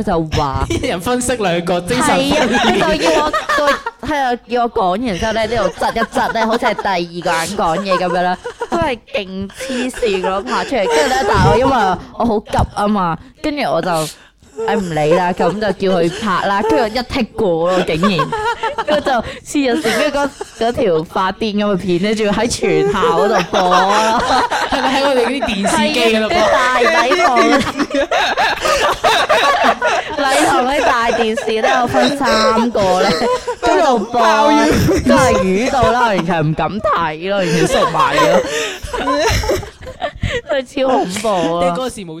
佢就話一 人分飾兩角精神分裂，佢就、啊、要我個啊！叫我講完之後咧，呢度窒一窒咧，好似係第二個人講嘢咁樣啦，真係勁黐線咯，爬出嚟跟住咧，但係我因為我好急啊嘛，跟住我就。我唔理啦，咁就叫佢拍啦。跟住一剔過咯，竟然。跟住就黐又試，跟住嗰嗰條發癲咁嘅片咧，仲要喺全校嗰度播啊！係咪喺我哋啲電視機度啦？大禮堂喺大電視都有 分三個咧，喺度播，都係魚道啦，我完全唔敢睇咯，完全熟埋咗，真係 超恐怖啊！你嗰時冇。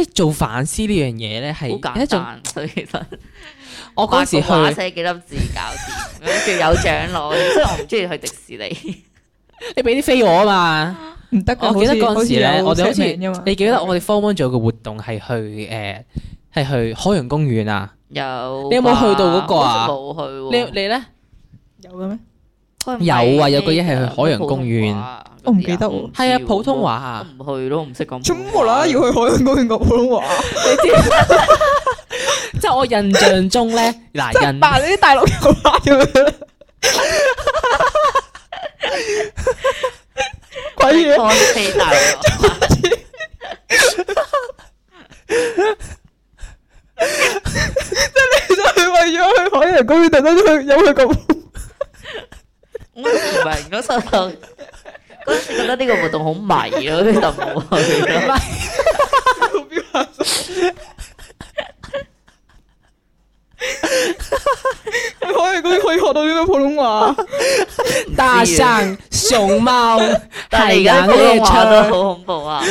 即係做反思呢樣嘢咧，係好簡單，所以其實我嗰時去寫幾粒字搞掂，跟住有獎攞，所以我唔中意去迪士尼。你俾啲飛我啊嘛？唔得，我記得嗰陣時咧，我哋好似你記得我哋 form one 做嘅活動係去誒係去海洋公園啊。有你有冇去到嗰個啊？冇去你你咧有嘅咩？有啊，有個嘢係去海洋公園。我唔記得喎，係啊，普通話啊，唔去咯，唔識講。做乜啦？要去海洋公園講普通話？你知？即係我印象中咧，嗱，扮啲大陸嘅話咁樣。鬼樣！真係都係為咗去海洋公園，突然間有去咁。唔係，我收聲。時覺得呢個活動好迷啊！呢個活動，哈哈哈哈可以可以學到啲咩普通話？大象、熊貓，係啊，普通話都好恐怖啊！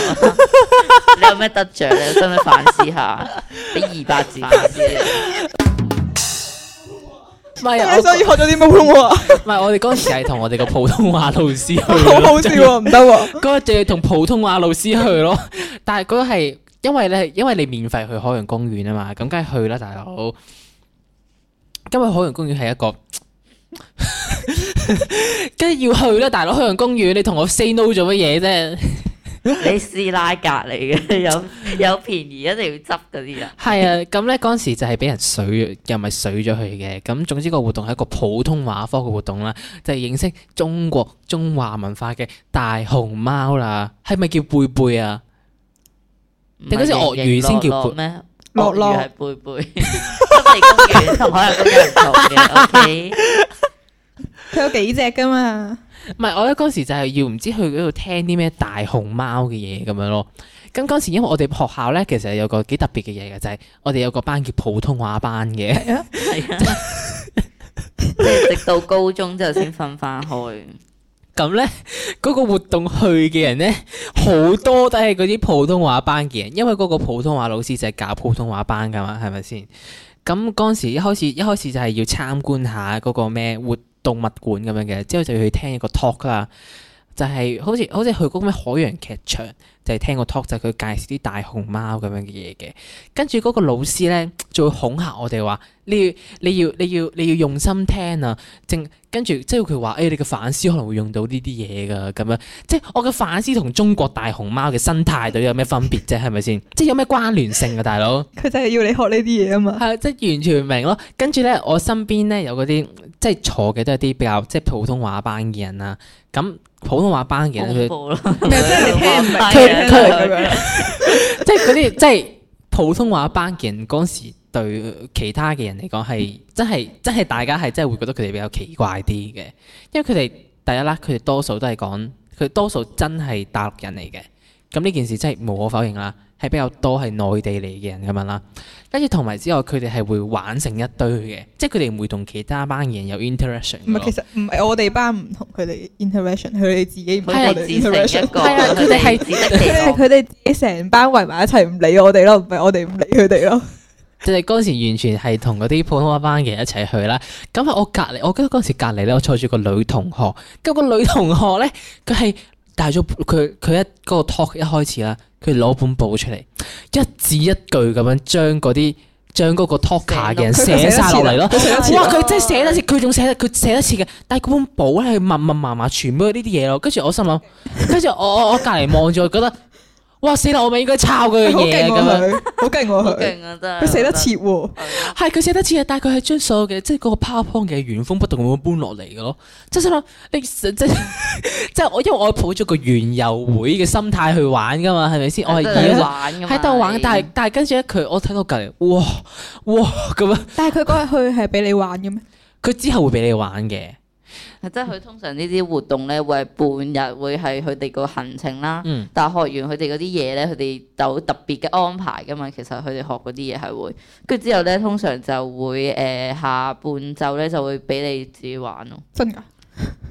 你有咩得着你真咩反思下，俾 二百字 唔係，我所以學咗啲咩普通話？唔係，我哋嗰陣時係同我哋個普通話老師去。好好笑喎，唔得喎！嗰日仲要同普通話老師去咯，但係嗰個係因為咧，因為你免費去海洋公園啊嘛，咁梗係去啦，大佬。今日海洋公園係一個，梗係要去啦，大佬！海洋公園，你同我 say no 做乜嘢啫？你師奶隔籬嘅有有便宜一定要執嗰啲啊！係啊，咁咧嗰時就係俾人水，又咪水咗佢嘅。咁總之個活動係一個普通話科嘅活動啦，就係認識中國中華文化嘅大熊貓啦。係咪叫貝貝啊？定嗰隻鱷魚先叫貝貝？鱷魚係貝貝，同海洋都唔同嘅。OK，佢有幾隻噶嘛？唔係，我咧嗰時就係要唔知去嗰度聽啲咩大熊貓嘅嘢咁樣咯。咁嗰時因為我哋學校咧其實有個幾特別嘅嘢嘅，就係、是、我哋有個班叫普通話班嘅。係啊，直到高中之後先分翻開。咁咧， 嗰、那個活動去嘅人咧好多都係嗰啲普通話班嘅人，因為嗰個普通話老師就係教普通話班噶嘛，係咪先？咁嗰時一開始一開始就係要參觀下嗰個咩活動物館咁樣嘅，之後就要去聽一個 talk 啦。就係好似好似去嗰個咩海洋劇場，就係、是、聽個 talk，ing，就係佢介紹啲大熊貓咁樣嘅嘢嘅。跟住嗰個老師咧，就會恐嚇我哋話：你要你要你要你要用心聽啊！正跟住即係佢話：誒、欸，你嘅反思可能會用到呢啲嘢㗎。咁樣即係我嘅反思同中國大熊貓嘅生態到底有咩分別啫、啊？係咪先？即係有咩關聯性啊大佬？佢真係要你學呢啲嘢啊嘛。係即係完全唔明咯。跟住咧，我身邊咧有嗰啲即係坐嘅都係啲比較即係普通話班嘅人啊。咁普通話班嘅人，佢即係佢即係啲即係普通話班嘅人，嗰陣時對其他嘅人嚟講係，真係真係大家係真係會覺得佢哋比較奇怪啲嘅，因為佢哋第一啦，佢哋多數都係講，佢多數真係大陸人嚟嘅。咁呢件事真係無可否認啦，係比較多係內地嚟嘅人咁樣啦。跟住同埋之後，佢哋係會玩成一堆嘅，即係佢哋唔會同其他班人有 interaction。唔係，其實唔係我哋班唔同佢哋 interaction，佢哋自己每個、啊、自成一個，佢哋係自成，佢哋 自己成班圍埋一齊，唔理我哋咯，唔係我哋唔理佢哋咯。佢哋嗰時完全係同嗰啲普通話班嘅人一齊去啦。咁啊，我隔離，我記得嗰時隔離咧，我坐住個女同學，咁個女同學咧，佢係。帶咗佢佢一嗰、那個 talk to, 一開始啦，佢攞、er、 本簿慢慢出嚟，一字一句咁樣將嗰啲將嗰個 talk 嘅人寫晒落嚟咯。哇！佢真係寫得次，佢仲寫佢寫一次嘅。但係嗰本簿咧，密密麻麻全部呢啲嘢咯。跟住我心諗，跟住我我隔籬望咗，我覺得。哇死啦！我咪應該抄佢嘅嘢噶，佢好勁，佢好勁，佢、啊、 死得切喎、啊！係佢、 嗯、死得切啊，但係佢係將所有嘅即係嗰個 PowerPoint 嘅原封不動咁搬落嚟嘅咯，即係咯，你即係即係我因為我抱咗個園遊會嘅心態去玩噶嘛，係咪先？嗯、我係意玩嘅，喺度玩。但係但係跟住咧，佢我睇到隔籬，哇哇咁樣。但係佢嗰日去係俾你玩嘅咩？佢之後會俾你玩嘅。即係佢通常呢啲活動咧，會係半日會係佢哋個行程啦。嗯。但係學完佢哋嗰啲嘢咧，佢哋有特別嘅安排噶嘛。其實佢哋學嗰啲嘢係會，跟住之後咧，通常就會誒下半晝咧就會俾你自己玩咯。真噶的？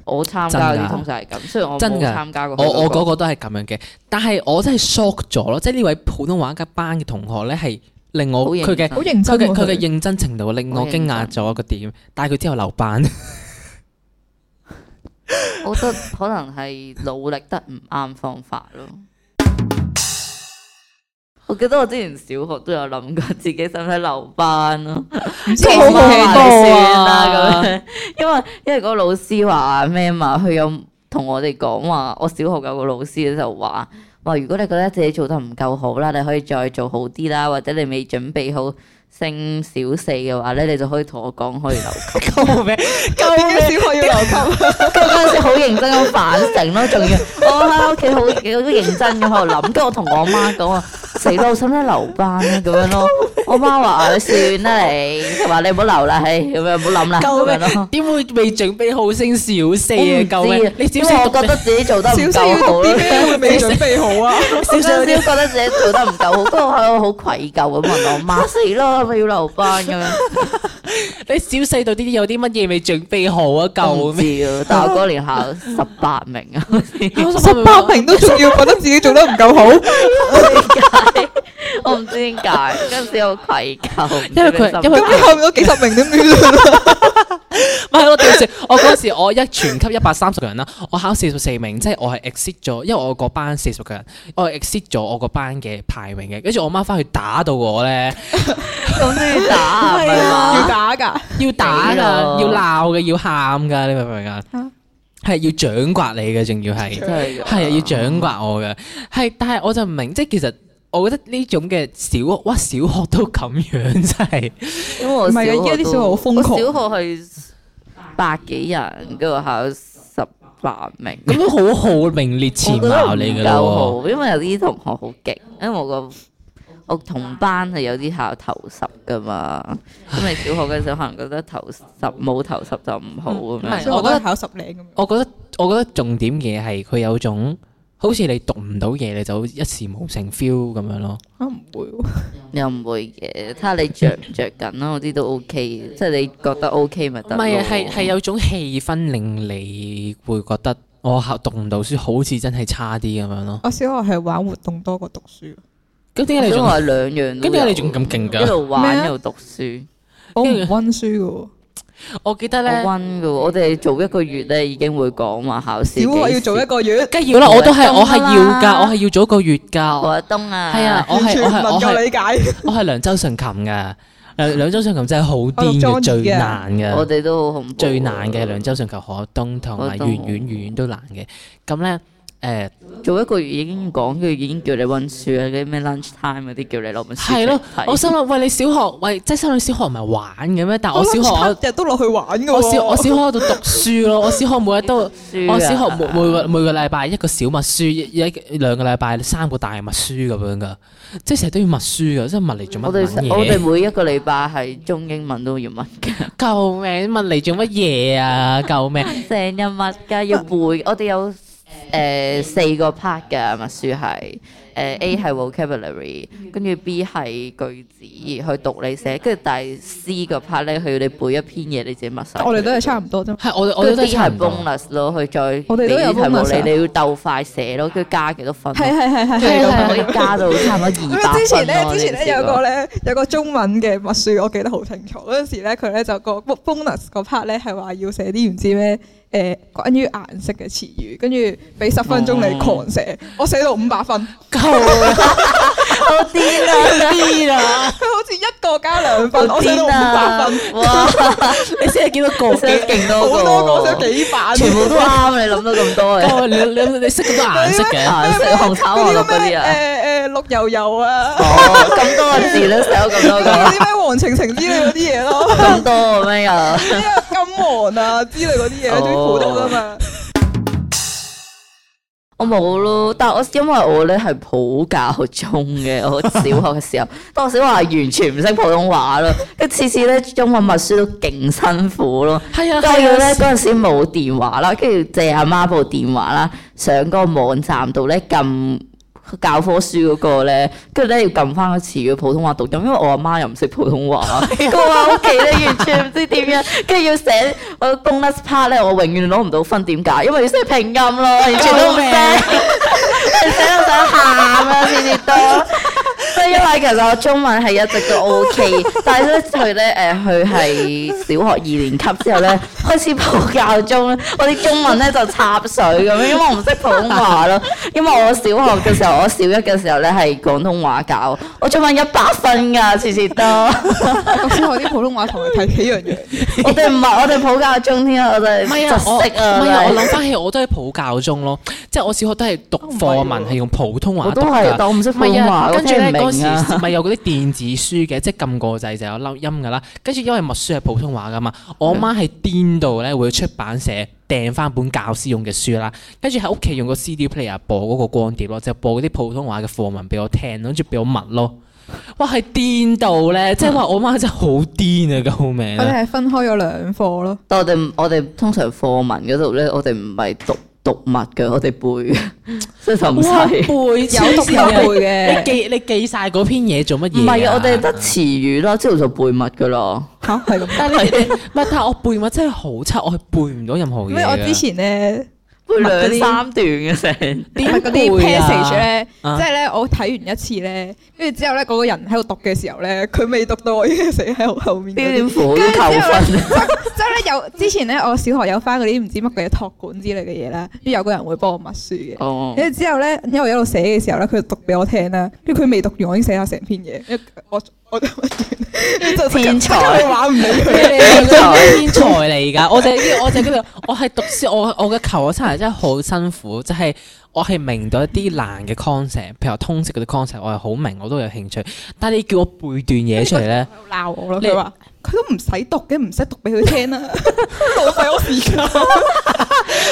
我參加啲通常係咁，的雖然我真冇參加過、那個。我我嗰個都係咁樣嘅，但係我真係 shock 咗咯。即係呢位普通話嘅班嘅同學咧，係令我佢嘅好認真佢嘅佢嘅認真程度令我驚訝咗個點。的但係佢之後留班。 我覺得可能係努力得唔啱方法咯。 我記得我之前小學都有諗過自己使唔使留班咯、啊，簽埋 算啦咁樣 因。因為因為嗰個老師話咩嘛，佢有同我哋講話。我小學有個老師就話：話如果你覺得自己做得唔夠好啦，你可以再做好啲啦，或者你未準備好。升小四嘅話咧，你就可以同我講可以留級，救，救命！咁點先可以留級？嗰陣命時好認真，咁反省咯，仲要我喺屋企好，好認真咁喺度諗， 跟住我同我媽講啊。死咯，使唔使留班啊？咁樣咯，我媽話算啦，你佢話你唔好留啦，咁樣唔好諗啦，咁樣咯。點會未準備好升小四啊？夠咩？你小我覺得自己做得唔夠好啦，點會未準備好啊？小四都覺得自己做得唔夠好，不過我好愧疚咁問我媽。死咯，係咪要留班咁樣？你小細到啲啲有啲乜嘢未準備好啊？救命，但我嗰年考十八名啊，十八名都仲要覺得自己做得唔夠好，我唔知點解，嗰陣時好愧疚，因為佢，因為後面都幾十名點算？唔係我當時，我嗰時我一全級一百三十個人啦，我考四十四名，即係我係 exit 咗，因為我個班四十個人，我係 exit 咗我個班嘅排名嘅，跟住我媽翻去打到我咧，咁都打係啊。打噶，要打噶，要鬧嘅，要喊噶，你明唔明啊？係要掌摑你嘅，仲要係，係要掌摑我嘅，係。但係我就唔明，即係其實我覺得呢種嘅小學，哇，小學都咁樣，真係。唔係啊，而家啲小學好瘋狂。我小學係百幾人，嗰度考十八名，咁都好好，名列前茅嚟噶啦。因為有啲同學好勁，誒，我個。我同班係有啲考頭十噶嘛，因為小學嘅時候可能覺得頭十冇頭十就唔好咁樣。嗯、我覺得考十零。我覺得我覺得重點嘢係佢有種好似你讀唔到嘢你就一事無成 feel 咁樣咯。啊唔會喎、啊？又唔會嘅，睇下你着唔着緊咯。嗰啲都 OK 即係你覺得 OK 咪得是。唔係啊，係有種氣氛令你會覺得我學、哦、讀唔到書，好似真係差啲咁樣咯。我小學係玩活動多過讀書。咁點解你仲？咁點解你仲咁勁㗎？一路玩一路讀書，我唔温書嘅。我記得咧，温嘅。我哋做一個月咧已經會講話考試。如果要做一個月。梗係啦，我都係我係要㗎，我係要做一個月㗎。何東啊，係啊，我係我係我係。我係梁州順琴嘅，梁梁州順琴真係好癲嘅，最難嘅。我哋都好恐怖。最難嘅梁州順琴何東同埋遠遠遠遠都難嘅。咁咧。誒做一個月已經講，佢已經叫你温書啊！嗰啲咩 lunch time 嗰啲叫你攞本書。係咯，我心諗喂你小學，喂即係心諗小學唔係玩嘅咩？但我小學日日都落去玩嘅喎。我小我小學喺度讀書咯，我小學每日都，我小學每每個每個禮拜一個小默書，一兩個禮拜三個大默書咁樣㗎，即係成日都要默書㗎，即係默嚟做乜嘢？我哋我哋每一個禮拜係中英文都要默嘅。救命！默嚟做乜嘢啊？救命！成日默㗎，要背。我哋有。誒、呃、四個 part 嘅默書係誒、呃啊、A 係 vocabulary，跟住 B 係句子、嗯、去讀你寫，跟住第 C 個 part 咧，佢要你背一篇嘢，你自己默書、嗯我。我哋都係差唔多啫。係我我嗰 bonus 咯，佢再我哋都有 b、bon、o、啊、你要鬥快寫咯，佢加幾多分？係係係係係係，加到差唔多二百分、啊、 之前咧呢，之前咧有個咧有個中文嘅默書，我記得好清楚嗰陣時咧，佢咧就個 bonus part 咧係話要寫啲唔知咩。誒，關於顏色嘅詞語，跟住俾十分鐘你狂寫，我寫到五百分，夠啦，好癲啊，癲啊，好似一個加兩分，我寫到五百分，哇，你先係見到個幾，勁多好多個寫幾版全部都啱，你諗到咁多嘅？你你你識咁多顏色嘅，顏色紅橙黃綠嗰啲啊，誒誒綠油油啊，咁多，字都寫到咁多，啲咩黃澄澄啲嗰啲嘢咯，咁多咩啊？啊，之類啲嘢，喺度苦讀啊嘛。我冇咯，但係我因為我咧係普教中嘅，我小學嘅時候，嗰陣 時我係完全唔識普通話咯，跟住次次咧中文默書都勁辛苦咯。係啊， 跟住咧嗰陣時冇電話啦，跟住借阿媽部電話啦，上嗰個網站度咧撳。教科書嗰個咧，跟住咧要撳翻個詞語普通話讀音，因為我阿媽，媽又唔識普通話，個話屋企咧完全唔知點樣，跟住要寫個 grammar part 咧，我永遠攞唔到分，點解？因為要識拼音咯，完全都唔識， 寫到想喊啊！你哋。 因為其實我中文係一直都 O K，但係咧，除咧誒，佢係小學二年級之後咧，開始普教中，我啲中文咧就插水咁樣，因為我唔識普通話咯。因為我小學嘅時候，我小一嘅時候咧係廣東話教，我中文一百分㗎，次次都。我小學啲普通話同你睇幾樣嘢？我哋唔係，我哋普教中添啊，我哋唔係啊。我諗翻起，我都係普教中咯，即係我小學都係讀課文係用普通話讀。我都係，但我唔識普通話。跟住。咪有嗰啲電子書嘅，即係撳個掣就有粒音噶啦。跟住因為默書係普通話噶嘛，嗯、我媽係癲到咧會出版社訂翻本教師用嘅書啦。跟住喺屋企用個 CD player 播嗰個光碟咯，就播嗰啲普通話嘅課文俾我聽，跟住俾我默咯。哇，係癲到咧！即係話我媽真係好癲啊！救命、啊！佢哋係分開咗兩課咯。但我哋我哋通常課文嗰度咧，我哋唔係讀。讀物嘅，我哋背嘅，真係唔使背，有時你記你記曬嗰篇嘢做乜嘢？唔係我哋得詞語啦，之後就背物㗎咯。嚇 你，係咁，但係物，但係我背物真係好差，我係背唔到任何嘢。因為我之前咧。兩三段嘅、啊、成，啲嗰啲 passage 咧，啊、即係咧我睇完一次咧，跟住之後咧嗰、嗰個人喺度讀嘅時候咧，佢未讀到我已經寫喺後面。點火頭昏。之後咧有之前咧我小學有返嗰啲唔知乜鬼嘢託管之類嘅嘢啦，跟有個人會幫我默書嘅。哦，哦。跟住之後咧，因為一路寫嘅時候咧，佢就讀俾我聽啦。跟住佢未讀完，我已經寫下成篇嘢。我我。我我 天才玩唔起，真係天才嚟噶！ 我哋依，我就咁樣，我係讀書，我我嘅求生真係真係好辛苦，即係我係明到一啲難嘅 concept，譬如話通識嗰啲 concept，我係好明，我都有興趣。但係你叫我背段嘢出嚟咧，鬧我咯！你話佢都唔使讀嘅，唔使讀俾佢聽啦，浪費我時間。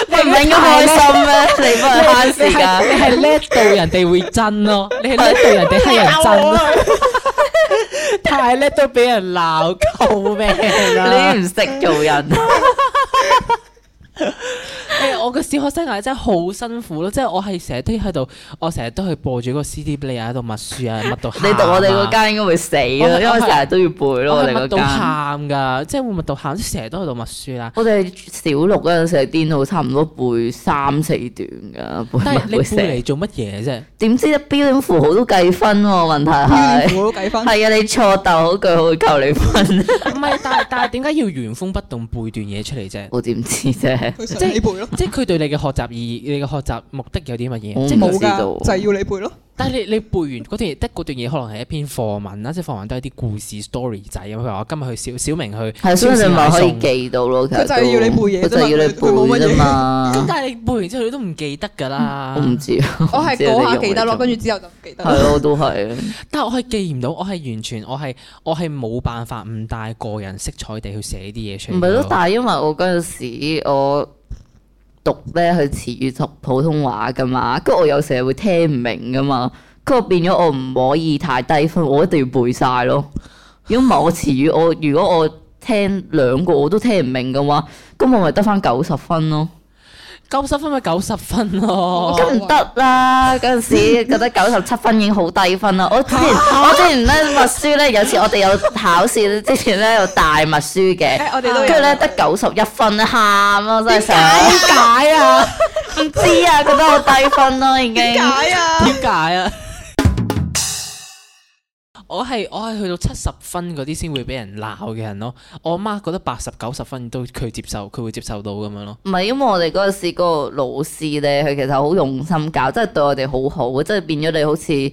你唔應該開心咩？ 你唔係慳時間，你係叻到人哋會憎咯，你係叻到人哋黑人憎。太叻都俾人鬧鳩咩？救命啊！ 你唔識做人。 我個小學生涯真係好辛苦咯，即係我係成日都喺度，我成日都去播住個 CD player，你又喺度默書啊，默到喊。你讀我哋嗰間應該會死咯，因為成日都要背咯。我係默到喊噶，即係會默到喊，成日都喺度默書啦。我哋小六嗰陣時，電腦差唔多背三四段噶。背嚟做乜嘢啫？點知一標點符號都計分？問題係標點符號都計分。係啊，你錯逗好句會扣你分。唔係，但係但係點解要原封不動背段嘢出嚟啫？我點知啫？即係你背咯，即係佢 對你嘅學習意義，你嘅學習目的有啲乜嘢？嗯、即係冇㗎，就係、是、要你背咯。但係你你背完嗰段，得段嘢可能係一篇課文啦，即係課文都係啲故事 story 仔。佢話今日去小小明去，所以你咪可以記到咯。佢就係要你背嘢啫嘛。佢冇乜啫嘛。咁但係你背完之後，你都唔記得㗎啦、嗯。我唔知。我係嗰下記得咯，跟住之後就唔記得。係咯，都係。但係我係記唔到，我係完全，我係我係冇辦法唔帶個人色彩地去寫啲嘢出嚟。唔係咯，但係因為我嗰陣時我。讀咧，佢詞語讀普通話㗎嘛，跟住我有時係會聽唔明㗎嘛，咁變咗我唔可以太低分，我一定要背晒咯。如果某個詞語我，我如果我聽兩個我都聽唔明嘅話，咁我咪得返九十分咯。九十分咪九十分咯、啊，咁唔得啦！嗰陣 時覺得九十七分已經好低分啦、啊。我， 我，我之前我之前咧默書咧，有次我哋有考試之前咧有大默書嘅，跟住咧得九十一分，喊咯真係想點解啊？唔 知啊，覺得好低分啦、啊、已經。點解啊？ 我係我係去到七十分嗰啲先會俾人鬧嘅人咯，我阿媽覺得八十九十分都佢接受，佢會接受到咁樣咯。唔係，因為我哋嗰陣時個老師咧，佢其實好用心教，真係對我哋好好，即係變咗你好似。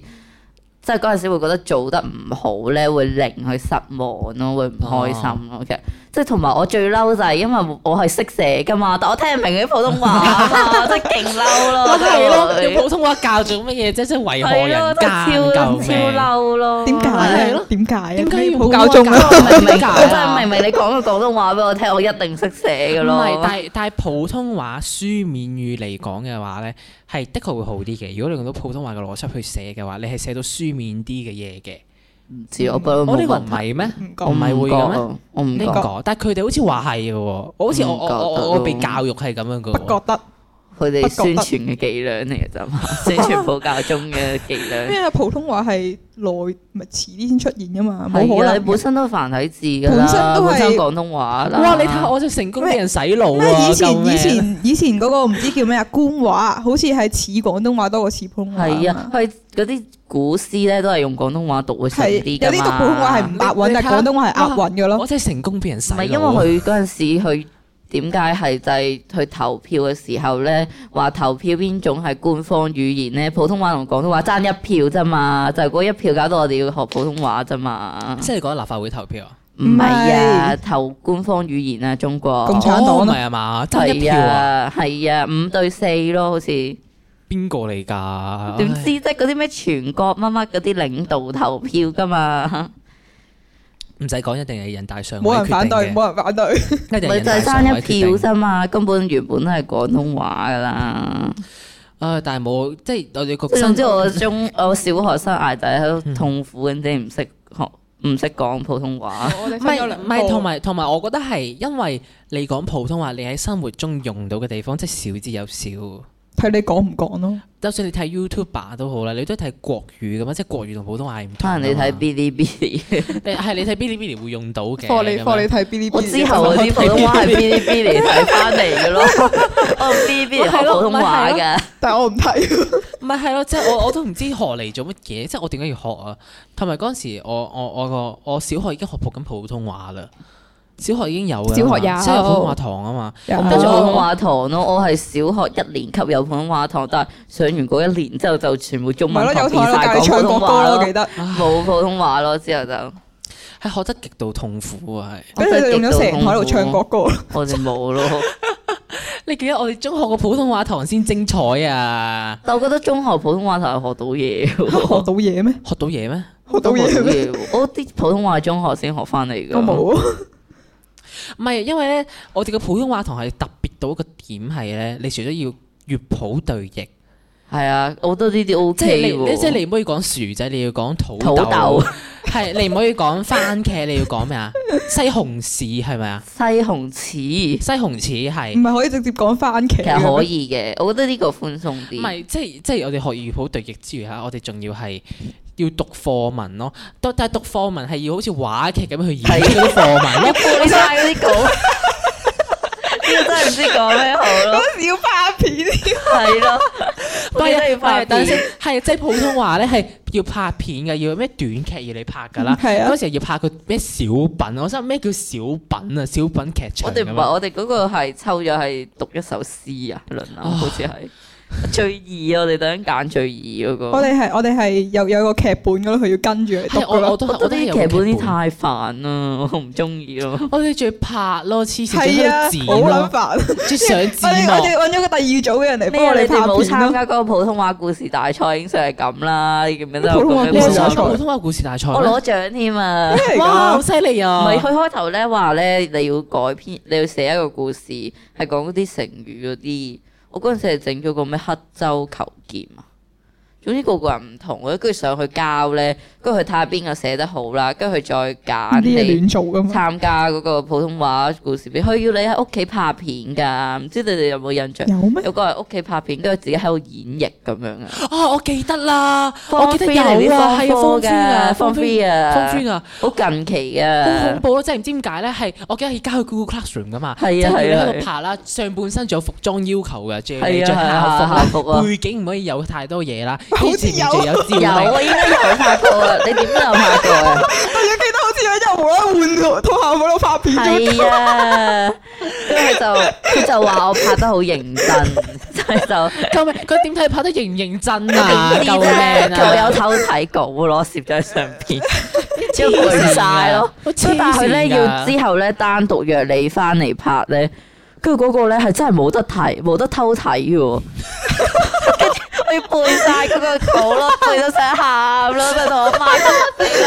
即係嗰陣時會覺得做得唔好咧，會令佢失望咯，會唔開心咯其實。即係同埋我最嬲就係，因為我係識寫噶嘛，但我聽唔明啲普通話，即係勁嬲咯。係咯，普通話教做乜嘢即係為何教咁超嬲咯？點解？點解？點解要教中文？真係明明你講個廣東話俾我聽，我一定識寫噶咯。唔係，但係但係普通話書面語嚟講嘅話咧。係的確會好啲嘅。如果你用到普通話嘅邏輯去寫嘅話，你係寫到書面啲嘅嘢嘅。唔知我呢個唔係咩？我唔係、哦呢個、會咁咩。我唔講。但係佢哋好似話係嘅喎。我好似我我我我被教育係咁樣嘅。唔覺得。佢哋宣傳嘅伎倆嚟嘅就嘛，宣傳普教中嘅伎倆。因為普通話係內，咪遲啲先出現噶嘛，冇可能你本身都繁體字噶。本身都係廣東話。哇！你睇下，我就成功俾人洗腦啊，以前以前以前嗰個唔知叫咩啊官話，好似係似廣東話多過似普通話。係啊，佢嗰啲古詩咧都係用廣東話讀會順啲㗎嘛。有啲讀普通話係唔押韻，但係廣東話係押韻㗎咯。我真係成功俾人洗腦。唔係因為佢嗰陣時點解係就係去投票嘅時候咧，話投票邊種係官方語言咧？普通話同廣東話爭一票啫嘛，就係嗰一票搞到我哋要學普通話啫嘛。即係講立法會投票啊？唔係啊，投官方語言啊，中國。共產黨啊？唔係啊嘛，投票啊，係啊，係啊，五對四咯，好似。邊個嚟㗎？點知即係嗰啲咩全國乜乜嗰啲領導投票㗎嘛？唔使講，一定係人大常委，冇人反對，冇人反對一定人定。咪就係、是、爭一票啫嘛，根本原本都係廣東話噶啦。啊、 呃，但係冇，即係有啲甚至我中我小學生仔喺度痛苦緊啲，唔識學，唔識講普通話。唔 係 不，唔係 不，同埋同埋， 我覺得係因為你講普通話，你喺生活中用到嘅地方，即、就、係、是、少之又少。睇你講唔講咯。就算你睇 YouTube 都好啦，你都睇國語嘅嘛，即係國語同普通話係唔同。可能、啊、你睇 Bilibili， 你係你睇 Bilibili 會用到嘅。我你睇 Bilibili? 我之後嗰啲普通話係 Bilibili 睇翻嚟嘅咯。 我 Bilibili 學普通話嘅、 啊，但係我唔睇。唔係係咯，即係我我都唔知何嚟做乜嘢，即係我點解要學啊？同埋嗰陣時我，我我我個我小學已經學學緊普通話啦。小學已經有啦，小學有普通話堂啊嘛，跟住普通話堂咯，我係小學一年級有普通話堂，但係上完嗰一年之後就全部中文都變晒普通話咯，記得冇普通話咯，之後就係學得極度痛苦啊，係跟住用咗成日喺度唱國歌，我哋冇咯，你記得我哋中學個普通話堂先精彩啊，但我覺得中學普通話堂係學到嘢，學到嘢咩？學到嘢咩？學到嘢，我啲普通話中學先學翻嚟噶，我冇。唔係，因為咧，我哋嘅普通話堂係特別到一個點係咧，你除咗要粵普對譯，係啊，我覺得呢啲 OK 喎。即係你，即係唔可以講薯仔，你要講土豆。土豆。係，你唔可以講番茄， 你要講咩啊？西紅柿係咪啊？西紅柿，西紅柿係。唔係可以直接講番茄？其實可以嘅，我覺得呢個寬鬆啲。唔係，即係即係我哋學粵普對譯之餘啊，我哋仲要係。要讀課文咯，都都係讀課文，係要好似話劇咁樣去演嗰啲課文， 一背曬嗰啲稿。呢個 真係唔知講咩好咯，時要拍片添，係咯 是。唔係啊，但係即係普通話咧，係要拍片嘅，要咩短劇要你拍噶啦。嗰 時候要拍個咩小品，我想咩叫小品啊？小品劇場。我哋唔係，我哋嗰個係抽咗係讀一首詩啊，輪啊，好似係。最易，啊！我哋等緊揀最易嗰個。我哋係我哋係有有個劇本噶咯，佢要跟住嚟讀噶咯。我我都我啲劇本啲太煩啦，我唔中意咯。我哋仲要拍咯，黐線，好多字，好撚煩，接上我哋揾咗個第二組嘅人嚟，不過你哋冇參加嗰個普通話故事大賽，已經成係咁啦，咁樣都。普通話故事大賽。普通話故事大賽。我攞獎添啊！哇，好犀利啊！唔係佢開頭咧話咧，你要改編，你要寫一個故事，係講嗰啲成語嗰啲。我嗰陣時係整咗個咩刻舟求劍啊！總之個個人唔同，我跟住上去交咧。跟住佢睇下邊個寫得好啦，跟住佢再揀你參加嗰個普通話故事片。佢要你喺屋企拍片噶，唔知你哋有冇印象？有咩？有個喺屋企拍片，跟住自己喺度演繹咁樣啊！啊，我記得啦，方飛嚟呢科嘅，方飛啊，方川啊，好近期啊，好恐怖咯！即係唔知點解咧，係我記得要加去 Google Classroom 噶嘛？係啊係啊，即係要喺度拍啦。上半身仲有服裝要求嘅，著你著校服校服，背景唔可以有太多嘢啦。好似有啊，應該有拍過。你點都有拍過？ 我記得好似喺又無啦啦換套後背度拍片咗。係 啊，跟住就佢就話我拍得好認真，真係就救命！佢點睇拍得認唔認真啊？夠靚啊！佢有偷睇稿，擺咗喺上邊，超攰曬咯。但係咧要之後咧單獨約你翻嚟拍咧，跟住嗰個咧係真係冇得睇，冇得偷睇喎。 我要背晒嗰個稿咯，背到想喊咯，就同我媽講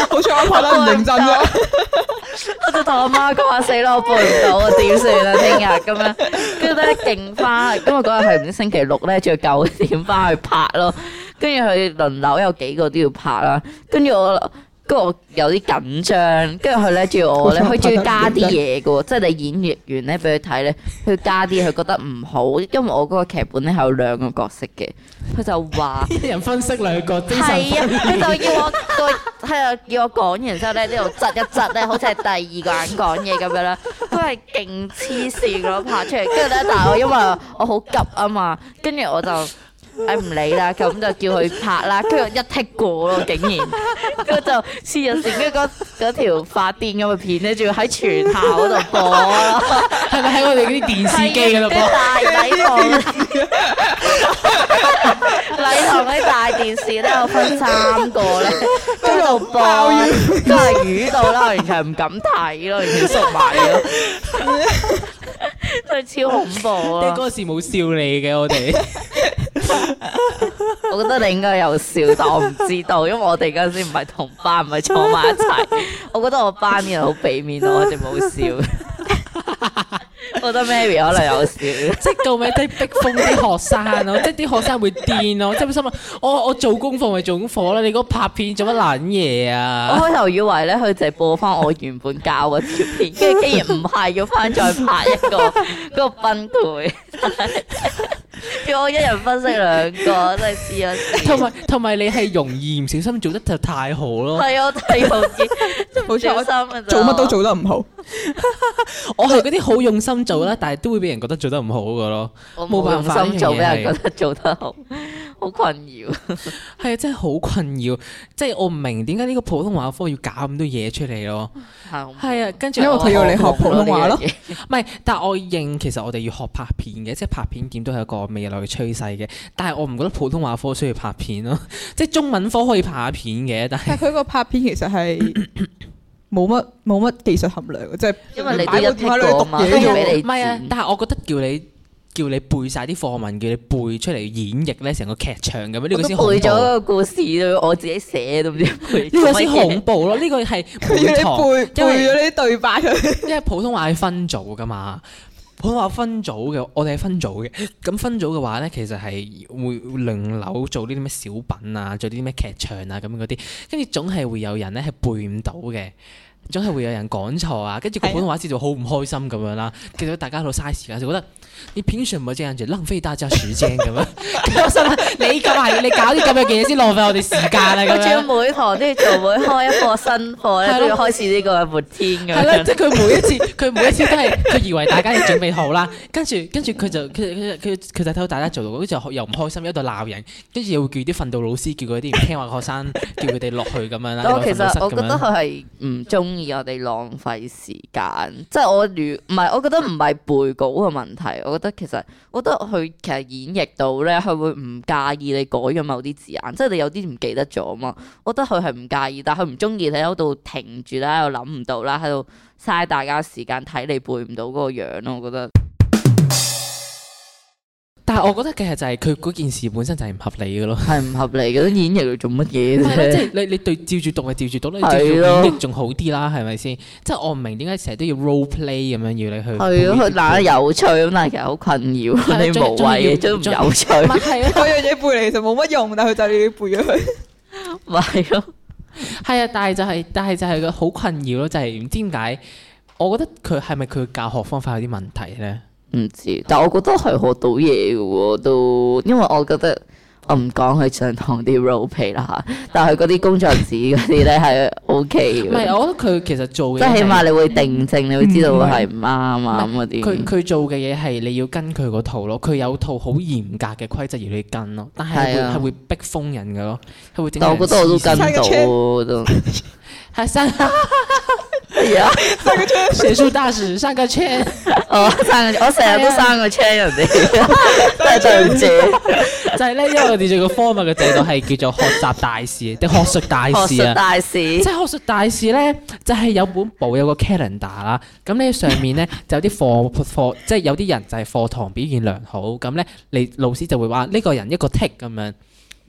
好彩我拍得唔認真啫，我就同我媽講話死咯，我背唔到啊，點算啊？聽日咁樣，跟住咧勁翻，今日嗰日係唔知星期六咧，仲要九點翻去拍咯，跟住佢輪流有幾個都要拍啦，跟住我。跟住我有啲緊張，跟住佢拉住我咧，佢仲要加啲嘢嘅喎， 即係你演完咧俾佢睇咧，佢加啲佢覺得唔好，因為我嗰個劇本咧係有兩個角色嘅，佢就話一 人分飾兩，角，精神分裂，佢就叫我個，佢、啊、就叫我講、 啊、完之後咧，這個、塞塞呢度窒一窒咧，好似係第二個人講嘢咁樣啦，佢係勁黐線咯，拍出嚟，跟住咧，但係我因為我好急啊嘛，跟住我就。唉唔理啦，咁就叫佢拍啦。佢又一剔過咯，竟然。佢就先咗整嗰嗰條發癲咁嘅片咧，仲要喺全校度播。係咪喺我哋啲電視機度播？大禮堂。 禮堂嗰啲大電視都有分三個咧，喺度播，都係魚到啦，我完全唔敢睇咯，完全縮埋咯。 真係 超恐怖啊！你嗰時冇笑你嘅我哋， 我覺得你應該有笑，但我唔知道，因為我哋嗰時唔係同班，唔係坐埋一齊。 我覺得我班人好俾面，我哋冇笑。 我覺得 Mary 可能有少，即係救命都逼瘋啲學生咯、啊， 即係啲學生會癲咯、啊，即係心諗：我我做功課咪做功課啦、啊，你嗰拍片做乜卵嘢啊？我開頭以為咧佢就係播翻我原本教嘅條片，跟住 竟然唔係，要翻再拍一個 一個分配。 叫我一人分飾兩個，真係試一試。同埋同埋，你係容易唔小心做得就太好咯。係 我太容易唔小心，做乜都做得唔好。 我係嗰啲好用心做啦，但係都會俾人覺得做得唔好噶咯。我冇用心做，俾人覺得做得好。 好困， 困擾，係啊，真係好困擾，即係我唔明點解呢個普通話科要搞咁多嘢出嚟咯。係啊， 跟住因為佢要你學普通話咯。唔係 但係我認其實我哋要學拍片嘅，即係拍片點都係一個未來嘅趨勢嘅。但係我唔覺得普通話科需要拍片咯。即係中文科可以拍片嘅，但係佢個拍片其實係冇乜冇乜技術含量，咳咳，即係因為你啲人拍嚟嘅嘢要俾你錢。唔係啊，但係我覺得叫你。叫你背晒啲課文，叫你背出嚟，演繹咧成個劇場咁樣，呢個先背咗個故事， 我自己寫都唔知。呢 個先恐怖咯，呢個係唔會錯。要你背因為背咗啲對白佢。 因為普通話係分組噶嘛，普通話分組嘅，我哋係分組嘅。咁分組嘅話咧，其實係會輪流做呢啲咩小品啊，做啲咩劇場啊咁嗰啲。跟住總係會有人咧係背唔到嘅。總係會有人講錯啊，跟住個普通話師就好唔開心咁樣啦。的其實大家喺度嘥時間，就覺得你 presentation 咁樣做，浪費大家時間咁樣。 你咁係你，你搞啲咁樣嘅嘢，先浪費我哋時間啦。跟住每堂都要做，每開一課新課咧都要開始呢、這個活天嘅。即係佢每一次，佢每一次都係佢以為大家要準備好啦。跟住跟住佢就佢就睇到大家做唔到，就又唔開心，一度鬧人。跟住又會叫啲訓導老師叫嗰啲唔聽話學生叫佢哋落去咁樣啦，其實我覺得佢係唔中。哦我哋浪費時間，即係我如唔係，我覺得唔係背稿嘅問題。我覺得其實，我覺得佢其實演繹到咧，佢會唔介意你改咗某啲字眼，即係你有啲唔記得咗嘛。我覺得佢係唔介意，但係佢唔中意喺嗰度停住啦，喺度諗唔到啦，喺度嘥大家時間睇你背唔到嗰個樣咯，我覺得。我覺得其實就係佢嗰件事本身就係唔合理嘅咯，係唔合理嘅，演嘢嚟做乜嘢？即係你你對照住讀係照住讀，你對了 照住演仲好啲啦，係咪先？即係我唔明點解成日都要 role play 咁樣要你去，係佢得有趣？但係其實好困擾，你無謂嘅將有趣，係啊歡，嗰樣嘢背嚟其實冇乜用，但佢就你要背咗佢，咪係咯？係啊，但係就係但係就係個好困擾咯，就係、是、唔知點解？我覺得佢係咪佢嘅教學方法有啲問題咧？唔知，但係我覺得係學到嘢嘅喎，都因為我覺得我唔講佢上堂啲 rope 啦嚇，但係嗰啲工作紙嗰啲咧係 O K 嘅。唔 我覺得佢其實做嘅即係起碼你會定性，嗯、你會知道係啱唔啱嗰啲。佢佢做嘅嘢係你要跟佢個套咯，佢有套好嚴格嘅規則要你跟咯，但係佢係會逼瘋是、啊、人嘅咯，但我覺得我都跟到都，係三。呀 在，學術大使上個車車， 哦、上個車 我上我成日都上個車人哋， 真係唔知。 就係咧，因為我哋做個科目嘅制度係叫做學習大使定學術大使啊。大使，即係學術大使咧， 就係、是、有本簿有個 calendar 啦。咁呢上面咧就有啲課課，即係、就是、有啲人就係課堂表現良好，咁咧你老師就會話呢個人一個 tick 咁樣。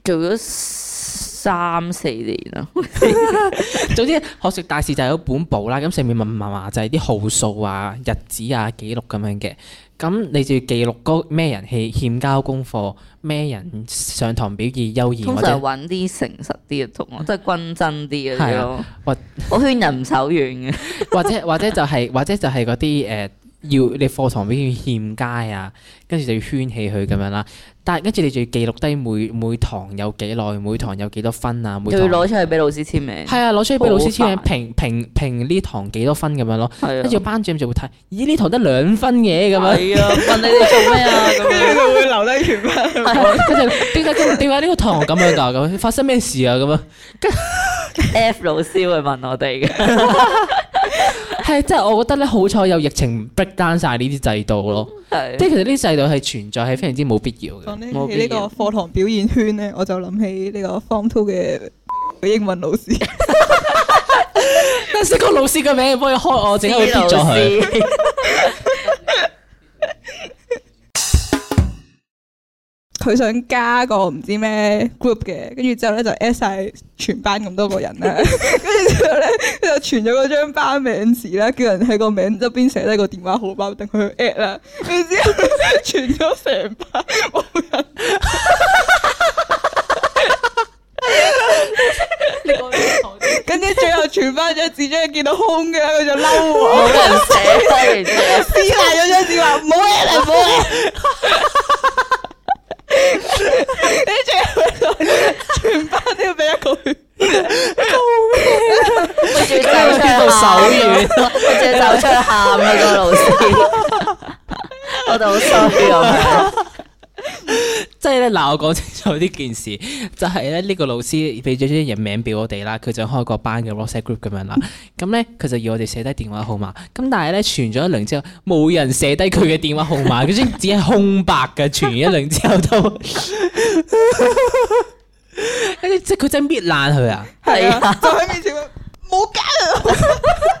做咗三四年啦， 總之學術大事就有本簿啦，咁上面密密麻麻就係啲號數啊、日子啊、記錄咁樣嘅。咁你仲要記錄咩人係欠交功課，咩人上堂表現優異。通常揾啲誠實啲嘅同學，即係均真啲嘅咯。我我圈人唔手軟嘅。或者、就係、或者就係或者就係嗰啲誒。呃要你課堂畀佢欠佳啊，跟住就要圈起佢咁樣啦。但跟住你就要記錄低每每堂有幾耐，每堂有幾多，每堂有幾多分啊。每堂就要攞出去俾老師簽名。係啊，攞出去俾老師簽名，評評評呢堂幾多分咁樣咯。跟住的班主任就會睇，咦，呢堂得兩分嘅咁樣。係啊，問你哋做咩啊？咁樣 會留低懸筆。係的。跟住點解點解呢個堂咁樣㗎？咁發生咩事啊？咁啊？F 老師會問我哋嘅。 係，即係我覺得咧，好彩有疫情逼單晒呢啲制度咯。係的，即係其實呢啲制度係存在係非常之冇必要嘅。講起呢個課堂表演圈咧，我就諗起呢個 Form Two 嘅英文老師。但識個老師嘅名幫佢開我，整佢撇咗佢。老師 佢想加個唔知咩 group 嘅，跟住之後咧就 at 晒全班咁多個人啦，跟住之後咧就傳咗嗰張班名詞咧，叫人喺個名側邊寫低個電話號碼，等佢 at 啦。跟住點知傳咗成班冇人，跟住最後傳翻張紙張，見到空嘅，佢就嬲我，冇人寫撕爛咗張紙話冇人冇人。你仲要攞全班都要俾一個血，救命！我仲喺度邊度手軟，我即係走出去喊啦個 老師， 我就好衰咁。即係咧，嗱，我講清楚呢件事，就係咧呢個老師俾咗啲人名俾我哋啦，佢就開個班嘅 WhatsApp group 咁樣啦。咁咧，佢就要我哋寫低電話號碼。咁但係咧，傳咗一輪之後，冇人寫低佢嘅電話號碼，佢先只係空白嘅。傳完一輪之後都， 即係佢真係搣爛佢啊！係啊，仲喺面前冇加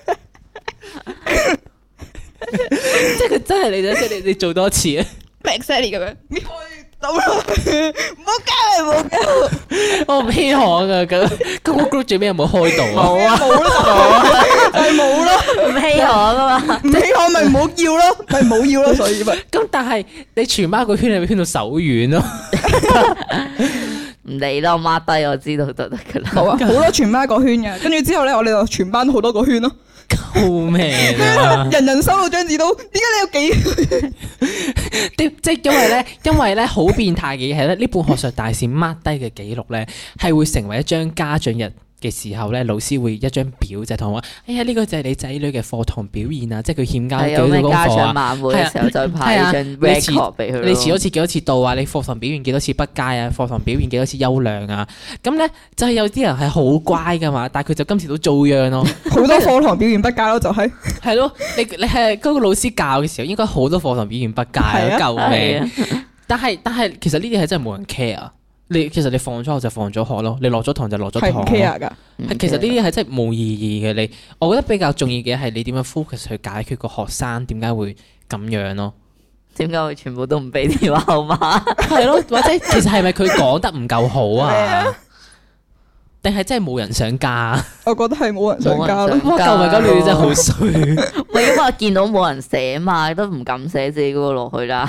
即係佢真係嚟咗，即係你做多次啊，Maxie 咁樣，你開到咯，唔好叫，你唔好叫，我唔稀罕噶咁。嗰個 group 最尾有冇開到啊？冇啊，冇咯，係冇咯，唔稀罕噶嘛，唔稀罕咪唔好叫咯，係冇要咯，所以咪。咁但係你全班個圈係咪圈到手軟咯？你咯，mark 低我，我知道就得噶啦。好啊，好多全班一個圈嘅，跟住之後咧，我哋就全班好多個圈咯。救命、啊！ 人人收到張紙都，點解你有幾？即係 因為咧，因為咧好變態嘅嘢咧，呢本 學術大線 mark 低嘅記錄咧，係會成為一張家長日。嘅時候咧，老師會一張表就係、是、同我話：哎呀，呢、這個就係你仔女嘅課堂表現啊！即係佢欠交幾多個功課啊？係啊，家長晚會嘅時候就派俾佢你遲咗次幾多次到啊？你課堂表現幾多次不佳啊？課堂表現幾多次優良啊？咁咧就係、是、有啲人係好乖噶嘛，但係佢就今次都遭殃咯。好多課堂表現不佳咯，就係。係咯，你你係嗰、那個老師教嘅時候，應該好多課堂表現不佳 啊，救命 但係但係，其實呢啲係真係冇人 care 啊。你其實你放咗學就放咗學咯，你落咗堂就落咗堂啊。其實呢啲係真係冇意義嘅。你我覺得比較重要嘅係你點樣 focus 去解決個學生點解會咁樣咯？點解會全部都唔俾電話號碼？係 咯，或者其實係咪佢講得唔夠好啊？定係 真係冇人想加？我覺得係冇人想加咯。我舊年真係好衰， 因為見到冇人寫嘛，都唔敢寫字嗰個落去啦。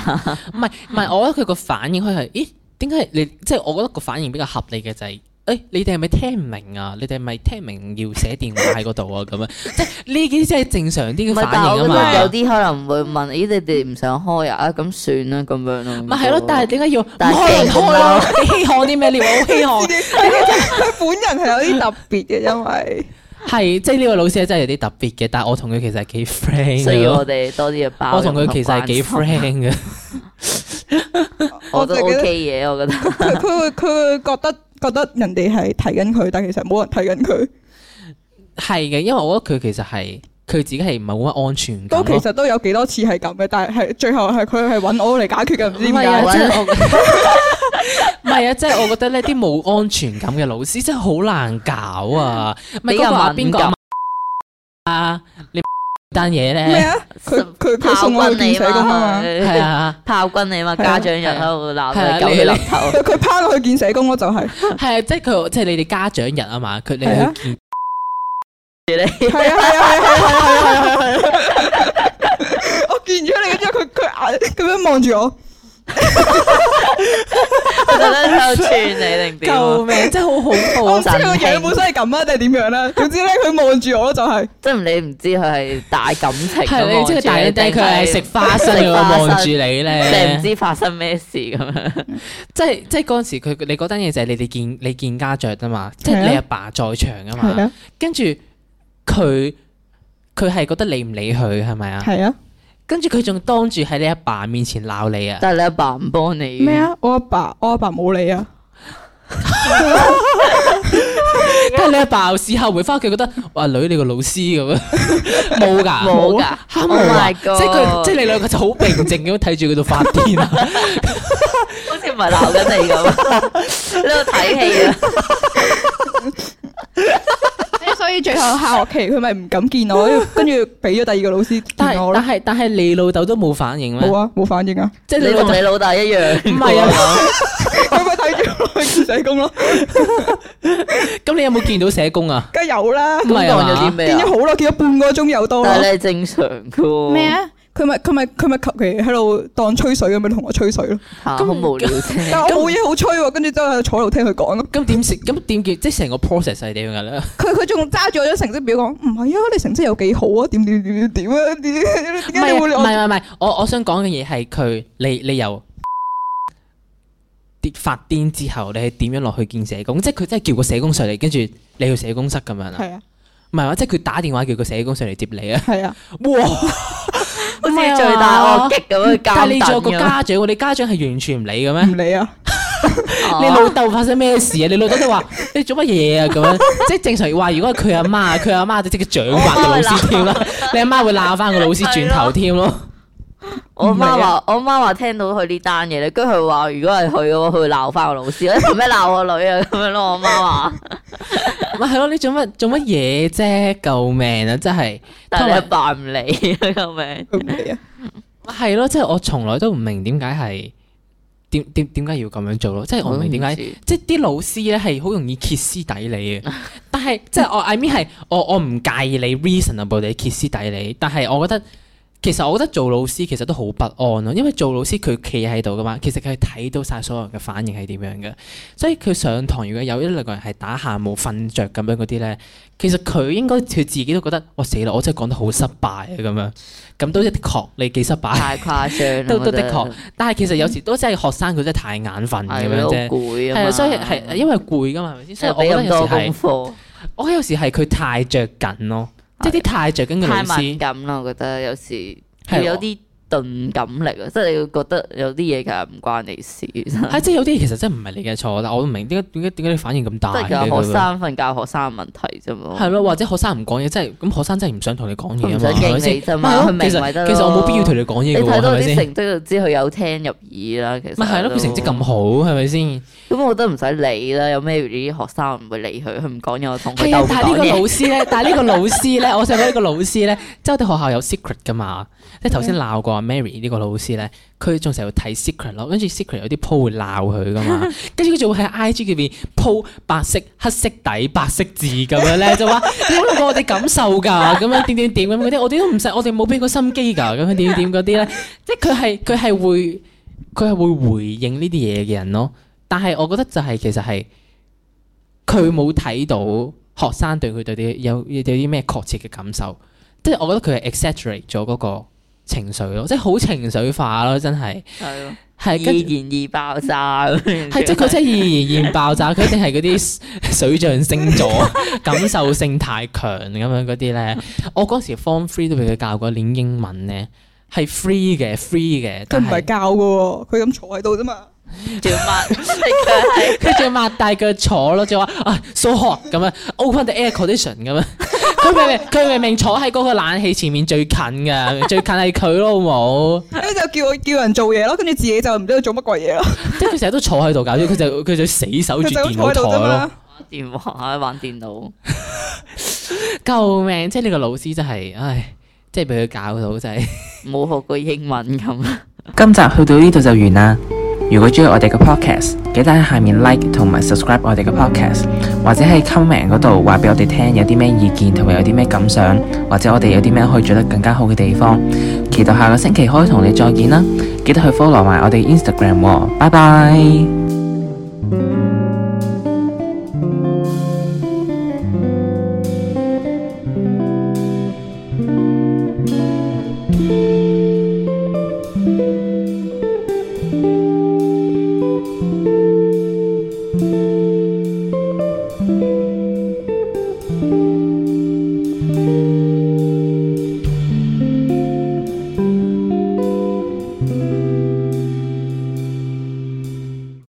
唔係唔係，我覺得佢個反應佢係咦？點解你即係我覺得個反應比較合理嘅就係，誒你哋係咪聽唔明啊？你哋係咪聽明要寫電話喺嗰度啊？咁樣即係呢啲即係正常啲嘅反應啊嘛。有啲可能會問，咦你哋唔想開啊？咁算啦，咁樣咯。咪係咯，但係點解要唔開？唔開咯，你希望啲咩啊？你話好希望，佢本人係有啲特別嘅，因為係即係呢位老師係真係有啲特別嘅，但係我同佢其實係幾 friend。需要我哋多啲嘅包容同關心。我同佢其實係幾 friend 嘅。我就 OK 嘢，我覺得佢佢會佢會覺得覺得人哋係睇緊佢，但其實冇人睇緊佢。係嘅，因為我覺得佢其實係佢自己係唔係好乜安全。都其實都有幾多次係咁嘅，但係最後係佢係揾我嚟解決嘅，唔知點解。唔係啊，即係 我覺得呢啲冇安全感嘅老師真係好難搞啊！你又話邊個啊？單嘢咧，咩啊？佢佢佢送我去見社工啊嘛，係啊，炮轟你嘛，家長人喺度鬧佢，狗血淋頭，佢佢趴落去見社工咯，就係，係啊，即係佢，即係你哋家長人啊嘛，佢你去，你係啊係啊係啊係啊係啊係啊，我見咗你，之後佢佢眼咁樣望住我。我哈得哈哈哈！ 真係串你定，啊、救命！真係好恐怖經啊！我知個嘢本身係咁啊，定係點樣啦？總之咧，佢望住我就係、是，即係你唔知佢係大感情，係即係大佢係食花生喎，望住你咧， 你唔知發生咩事咁樣。即係即係嗰陣時，佢你嗰單嘢就係你哋見你見家長啊嘛，啊即係你阿爸，爸在場啊嘛，跟住佢佢係覺得理唔理佢係咪啊？係啊。跟住佢仲當住喺你阿爸面前鬧你啊！但係你阿爸唔幫你咩啊？我阿爸我阿爸冇你啊！但係你阿爸事後回翻屋企，覺得哇女你個老師咁冇噶冇噶 Oh my God！即係佢即係你兩個就好平靜咁睇住佢度發癲啊！好似唔係鬧緊你咁你喺度睇戲啊！最後下學期佢咪唔敢見我，跟住俾咗第二個老師見我。但係但係你老豆都冇反應咩？冇啊，冇反應啊，即係你同你老豆一樣。唔係啊，佢咪睇住我去社工咯。咁你有冇見到社工啊？梗係有啦，咁係啊，已經好啦，見咗半個鐘又多啦。你係正常噶。咩啊？佢咪佢咪佢咪求其喺度當吹水咁樣同我吹水咯，咁好無聊。但、啊、但我冇嘢好吹，跟住都喺度坐喺度聽佢講咁。咁點咁點？即係成個 process 係點樣噶咧？佢佢仲揸住我張成績表講，唔係啊？你成績有幾好啊？點點點點點啊？唔係唔係唔係，我我想講嘅嘢係佢你你由跌發癲之後，你係點樣落去見社工？即係佢真係叫個社工上嚟，跟住你去社工室咁樣是啊？係啊，唔係啊？即係佢打電話叫個社工上嚟接你是啊？係啊，哇！ 好似最大惡擊咁去教訓，但係你仲有個家長，你家長係完全唔理嘅咩？唔理啊！你老豆發生咩事啊？你老豆都話，你做乜嘢啊？咁樣，即係正常。話如果佢阿媽，佢阿媽就即刻掌摑個老師添啦。你阿媽會鬧翻個老師轉頭添咯。 我媽話、啊、我媽話聽到佢呢單嘢咧，跟住佢話如果係佢嘅話，佢會鬧翻個老師，你做咩鬧我女啊？咁樣咯，我媽話咪係咯，你做乜做乜嘢啫？救命啊，真係同佢扮唔理啊，救命！O K 係咯，即、就、係、是、我從來都唔明點解係點點點解要咁樣做咯，就是、即係我唔明點解，即係啲老師咧係好容易歇斯底里嘅， 但係即係我 I mean 係我我唔介意你 reasonable 地歇斯底里，但係我覺得。其實我覺得做老師其實都好不安咯、啊，因為做老師佢企喺度噶嘛，其實佢睇到晒所有人嘅反應係點樣嘅，所以佢上堂如果有一兩個人係打下冇、瞓着咁樣嗰啲咧，其實佢應該佢自己都覺得，我死啦！我真係講得好失敗啊咁樣，咁都的確你幾失敗，太誇張， 都都的確。嗯、但係其實有時、嗯、都真係學生佢真係太眼瞓咁樣啫，係啊，所以係因為攰㗎嘛，所以我覺得有時係我有時係佢太着緊咯。即係啲太著緊嘅老師，太敏感啦！我覺得有時的有啲。感力啊，即係你會覺得有啲嘢其實唔關你事。係，即係有啲嘢其實真係唔係你嘅錯，但我都唔明點解點解點解你反應咁大。即係學生瞓覺學生嘅問題啫嘛。係咯，或者學生唔講嘢，即係咁學生真係唔想同你講嘢。其實我冇必要同你講嘢嘅喎。你睇多啲成績就知佢有聽入耳啦。其實咪係咯，佢成績咁好係咪先？咁我覺得唔使理啦。有咩啲學生唔會理佢，佢唔講嘢我同佢。但係呢個老師咧，但係呢個老師咧，我想講呢個老師咧，即係我哋學校有 secret 噶嘛。即係頭先鬧過。Mary 呢個老師咧，佢仲成日會睇 secret 咯，跟住 secret 有啲鋪會鬧佢噶嘛，跟住佢仲會喺 IG 入邊鋪白色、黑色底、白色字咁樣咧，就話你有冇過我哋感受噶，咁樣點點點咁嗰啲，我哋都唔使，我哋冇俾過心機噶，咁樣點點嗰啲咧，即係佢係佢係會佢係會回應呢啲嘢嘅人咯。但係我覺得就係、是、其實係佢冇睇到學生對佢對啲有有啲咩確切嘅感受，即係我覺得佢係 exaggerate 咗嗰、個。情緒咯，即係好情緒化咯，真係係易燃易爆炸，係即係佢真係易燃易爆炸，佢一定係嗰啲水象星座，感受性太強咁樣嗰啲咧。我嗰時 form three 都俾佢教嗰年英文咧，係 free 嘅，free 嘅，佢唔係教嘅喎，佢咁坐喺度啫嘛，仲要擘，佢仲要擘大腳坐咯，就話啊數學咁樣，open the air condition 咁樣。佢明明，佢明明坐喺嗰個冷氣前面最近嘅，最近係佢咯，好冇？佢就叫我叫人做嘢咯，跟住自己就唔知道做乜鬼嘢咯。即係佢成日都坐喺度搞，佢就佢就死守住電腦台咯。就坐喺度啫嘛。玩電話、啊、玩電腦。 救命！即係呢個老師真、就、係、是，唉，即係俾佢搞到真係。冇、就是、 學過英文咁。 今集去到呢度就完啦。如果中意我哋嘅 podcast，記得喺下面 like 同埋 subscribe 我哋嘅 podcast，或者喺 comment 嗰度話俾我哋聽有啲咩意見同埋有啲咩感想，或者我哋有啲咩可以做得更加好嘅地方。期待下個星期可以同你再見啦！記得去 follow 埋我哋 Instagram 哦。拜拜。